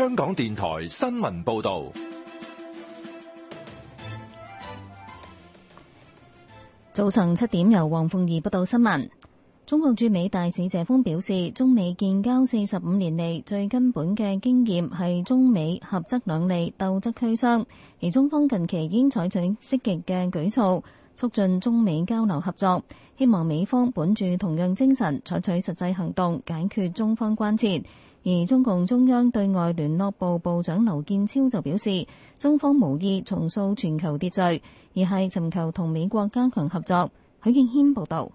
香港電台新聞報道，早晨七點由黃鳳儀報道新聞。中國駐美大使謝鋒表示，中美建交四十五年嚟最根本嘅經驗係中美合則兩利，鬥則俱傷。而中方近期已經採取積極嘅舉措，促進中美交流合作。希望美方本住同樣精神，採取實際行動解決中方關切。而中共中央對外聯絡部部長劉建超就表示，中方無意重塑全球秩序，而係尋求同美國加強合作。許敬軒報道。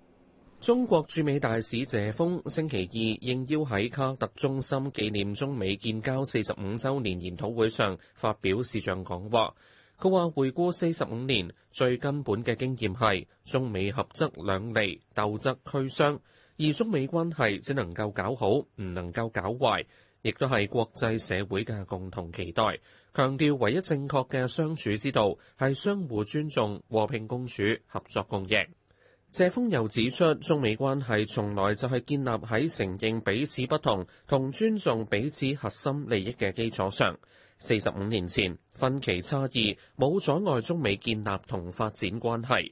中國駐美大使謝峰星期二應邀喺卡特中心紀念中美建交四十五周年研討會上發表視像講話，佢話回顧四十五年，最根本嘅經驗係中美合則兩利，鬥則俱傷。而中美關係只能夠搞好，唔能夠搞壞，亦都係國際社會嘅共同期待。強調唯一正確嘅相處之道係相互尊重、和平共處、合作共贏。謝鋒又指出，中美關係從來就係建立喺承認彼此不同同尊重彼此核心利益嘅基礎上。四十五年前，分歧差異冇阻礙中美建立同發展關係。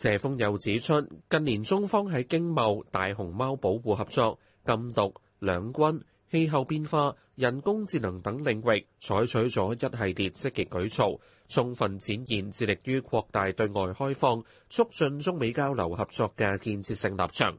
謝鋒又指出，近年中方喺經貿、大熊貓保護合作、禁毒、兩軍、氣候變化、人工智能等領域採取咗一系列積極舉措，充分展現致力於擴大對外開放、促進中美交流合作嘅建設性立場。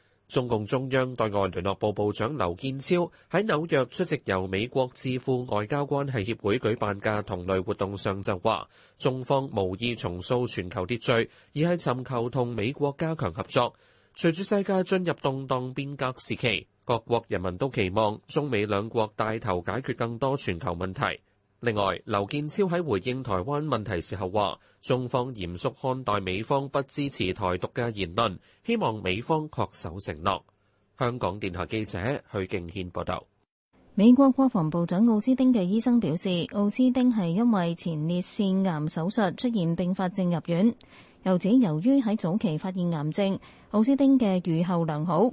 中共中央對外聯絡部部長劉建超喺紐約出席由美國智庫外交關係協會舉辦嘅同類活動上就話：中方無意重塑全球秩序，而係尋求同美國加強合作。隨住世界進入動盪變革時期，各國人民都期望中美兩國帶頭解決更多全球問題。另外，劉建超喺回應台灣問題時候話，中方嚴肅看待美方不支持台獨嘅言論，希望美方恪守承諾。香港電台記者許敬軒報道。美國國防部長奧斯汀嘅醫生表示，奧斯汀係因為前列腺癌手術出現併發症入院，又指由於喺早期發現癌症，奧斯汀嘅預後良好。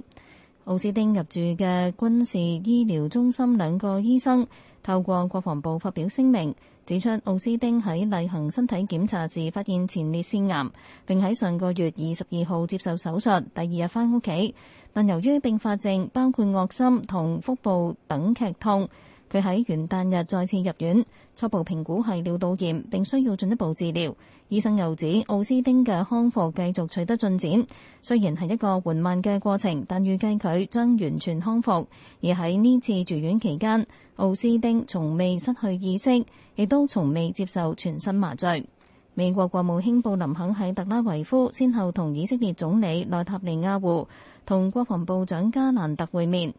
奧斯汀入住嘅軍事醫療中心兩個醫生透過國防部發表聲明，指出奧斯汀喺例行身體檢查時發現前列腺癌，並喺上個月二十二號接受手術，第二日翻屋企，但由於併發症包括惡心同腹部等劇痛。佢喺元旦日再次入院，初步評估係尿道炎，並需要進一步治療。醫生又指，奧斯丁嘅康復繼續取得進展，雖然係一個緩慢嘅過程，但預計佢將完全康復，而喺呢次住院期間，奧斯丁從未失去意識，亦都從未接受全身麻醉。美國國務卿布林肯喺特拉維夫，先後同以色列總理內塔尼亞胡同國防部長加蘭特會面。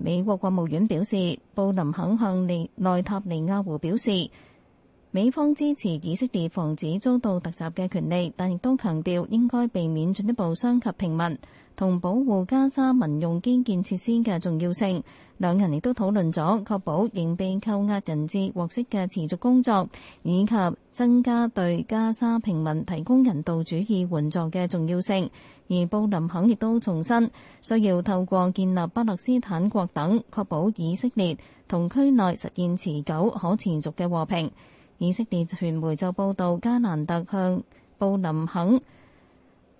美國國務院表示，布林肯向內塔尼亞胡表示，美方支持以色列防止遭到突襲嘅權利，但亦都強調應該避免進一步傷及平民。同保護加沙民用基建設施嘅重要性，兩人亦都討論咗確保仍被扣押人質獲釋嘅持續工作，以及增加對加沙平民提供人道主義援助嘅重要性。而布林肯亦都重申，需要透過建立巴勒斯坦國等，確保以色列同區內實現持久可持續嘅和平。以色列傳媒就報導，加蘭特向布林肯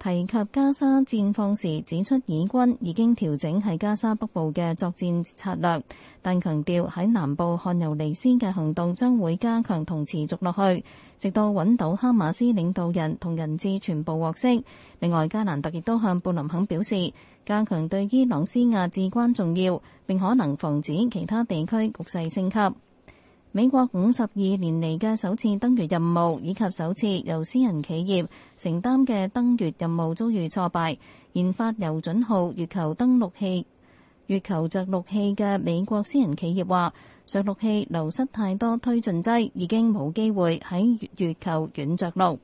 提及加沙戰況時，指出以軍已經調整喺加沙北部嘅作戰策略，但強調喺南部漢尤尼斯嘅行動將會加強同持續落去，直到揾到哈馬斯領導人同人質全部獲釋。另外，加蘭特亦都向布林肯表示，加強對伊朗施壓至關重要，並可能防止其他地區局勢升級。美國五十二年嚟嘅首次登月任務，以及首次由私人企業承擔嘅登月任務遭遇挫敗。研發“遊隼號”月球登陸器、月球着陸器嘅美國私人企業話，着陸器流失太多推進劑，已經冇機會喺月球軟着陸。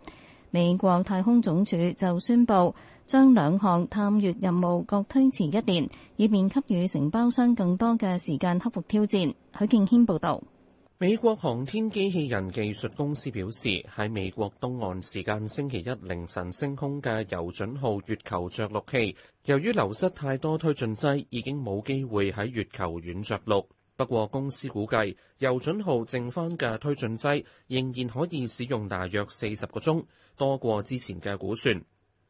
美國太空總署就宣布將兩項探月任務各推遲一年，以便給予承包商更多嘅時間克服挑戰。許敬軒報道。美國航天機器人技術公司表示，喺美國東岸時間星期一凌晨升空嘅遊隼號月球着陸器，由於流失太多推進劑，已經冇機會喺月球軟着陸。不過，公司估計遊隼號剩翻嘅推進劑仍然可以使用大約四十個鐘，多過之前嘅估算。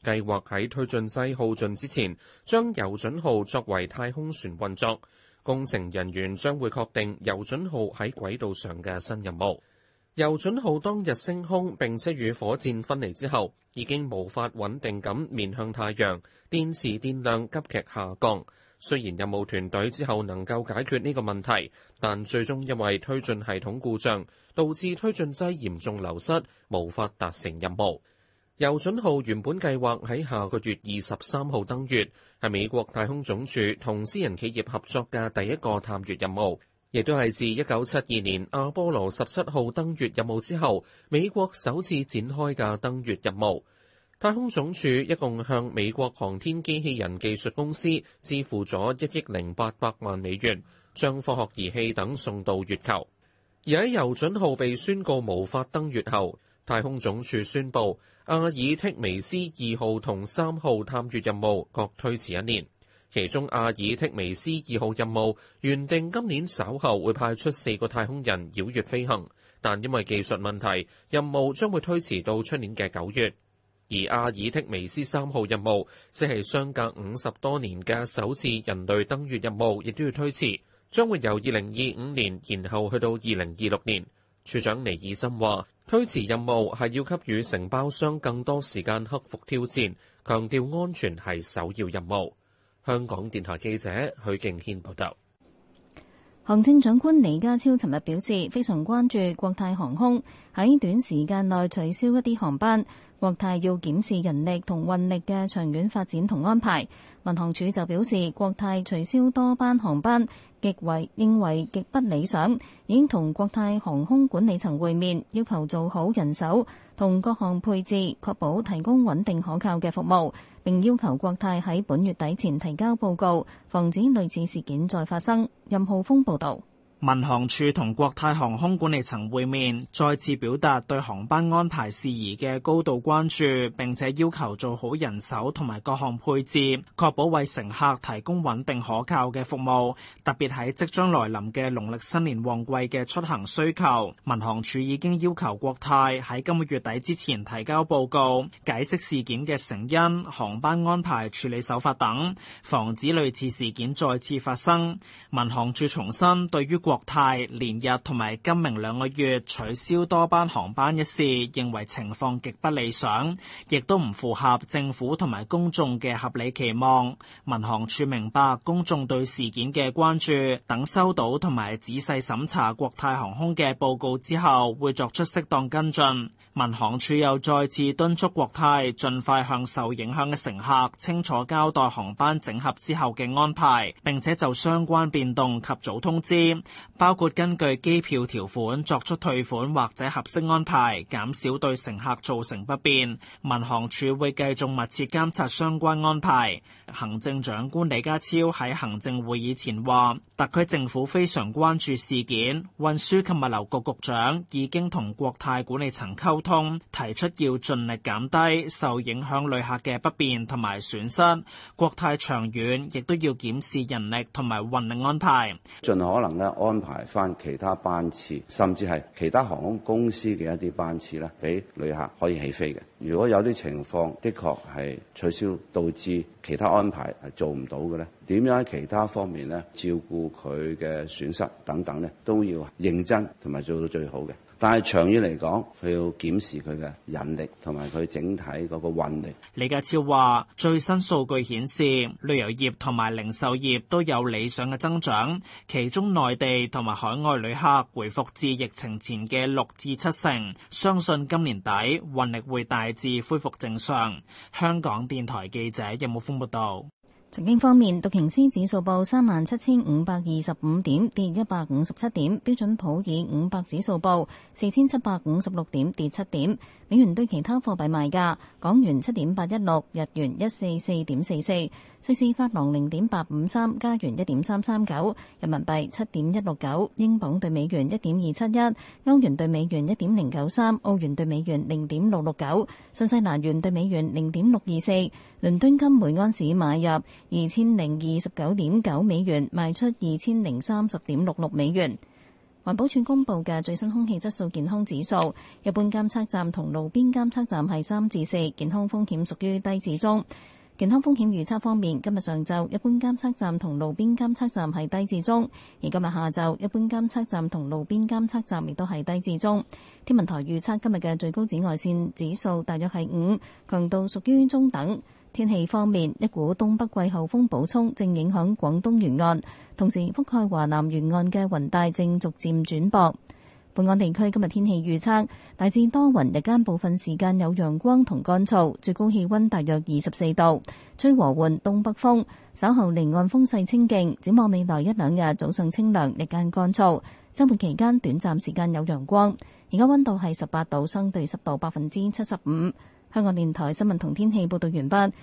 計劃喺推進劑耗盡之前，將遊隼號作為太空船運作。工程人員將會確定遊隼號喺軌道上嘅新任務。遊隼號當日升空並且與火箭分離之後，已經無法穩定咁面向太陽，電池電量急劇下降。雖然任務團隊之後能夠解決呢個問題，但最終因為推進系統故障，導致推進劑嚴重流失，無法達成任務。遊隼號原本計劃喺下個月二十三號登月。係美國太空總署同私人企業合作嘅第一個探月任務，亦都係自一九七二年阿波羅十七號登月任務之後，美國首次展開嘅登月任務。太空總署一共向美國航天機器人技術公司支付咗一億零八百萬美元，將科學儀器等送到月球。而喺遊隼號被宣告無法登月後，太空總署宣布，阿爾剔梅斯二號同三號探月任務各推遲一年。其中，阿爾剔梅斯二號任務原定今年稍後會派出四個太空人繞月飛行，但因為技術問題，任務將會推遲到出年嘅九月。而阿爾剔梅斯三號任務，即係相隔五十多年嘅首次人類登月任務，亦都要推遲，將會由二零二五年，然後去到二零二六年。處長尼爾森話：推遲任務係要給予承包商更多時間克服挑戰，強調安全係首要任務。香港電台記者許敬軒報道。行政長官李家超尋日表示，非常關注國泰航空喺短時間內取消一啲航班，國泰要檢視人力同運力嘅長遠發展同安排。民航處就表示，國泰取消多班航班。極為認為極不理想，已經同國泰航空管理層會面，要求做好人手同各項配置，確保提供穩定可靠嘅服務，並要求國泰喺本月底前提交報告，防止類似事件再發生。任浩峰報道。民航處同國泰航空管理層會面，再次表達對航班安排事宜嘅高度關注，並且要求做好人手同埋各項配置，確保為乘客提供穩定可靠嘅服務。特別喺即將來臨嘅農曆新年旺季嘅出行需求，民航處已經要求國泰喺今個月底之前提交報告，解釋事件嘅成因、航班安排、處理手法等，防止類似事件再次發生。民航處重申，對於國國泰連日同埋今明兩個月取消多班航班一事，認為情況極不理想，亦都唔符合政府同埋公眾嘅合理期望。民航處明白，公眾對事件嘅關注，等收到同埋仔細審查國泰航空嘅報告之後，會作出適當跟進。民航處又再次敦促國泰盡快向受影響嘅乘客清楚交代航班整合之後嘅安排，並且就相關變動及早通知，包括根據機票條款作出退款或者合適安排，減少對乘客造成不便。民航處會繼續密切監察相關安排。行政長官李家超喺行政會議前話，特區政府非常關注事件，運輸及物流局局長已經同國泰管理層溝痛提出要盡力減低受影響旅客嘅不便同埋損失，國泰長遠亦都要檢視人力同埋運力安排，盡可能咧安排返其他班次，甚至係其他航空公司嘅一啲班次咧，俾旅客可以起飛嘅。如果有啲情況，的確係取消，導致其他安排係做唔到嘅咧，點樣喺其他方面呢照顧佢嘅損失等等呢都要認真同埋做到最好嘅。但係長遠嚟講，佢要檢視佢嘅韌力同埋佢整體嗰個運力。李家超話：最新數據顯示，旅遊業同埋零售業都有理想嘅增長，其中內地同埋海外旅客回復至疫情前嘅六至七成，相信今年底運力會大至恢復正常。香港電台記者任武峯報道。財經方面，道瓊斯指數報三萬七千五百二十五點，跌一百五十七點；標準普爾五百指數報四千七百五十六點，跌七點。美元對其他貨幣賣價，港元七點八一六，日元一四四點四四。瑞士法郎零點八五三，加元一點三三九，人民幣七點一六九，英鎊兌美元一點二七一，歐元兌美元一點零九三，澳元兌美元零點六六九，新西蘭元兌美元零點六二四。倫敦金每安士買入二千零二十九點九美元，賣出二千零三十點六六美元。環保署公布嘅最新空氣質素健康指數，一般監測站同路邊監測站係三至四，健康風險屬於低至中。健康風險預測方面，今日上晝一般監測站同路邊監測站係低至中，而今日下晝一般監測站同路邊監測站亦都係低至中。天文台預測今日嘅最高紫外線指數大約係五，強度屬於中等。天氣方面，一股東北季候風補充正影響廣東沿岸，同時覆蓋華南沿岸嘅雲帶正逐漸轉薄。本港地區今日天，天氣預測大致多雲，日間部分時間有陽光同乾燥，最高氣温大約二十四度，吹和緩東北風。稍後離岸風勢清勁，展望未來一兩日早上清涼，日間乾燥。周末期間短暫時間有陽光。而家温度係十八度，相對濕度百分之七十五。香港電台新聞同天氣報導完畢。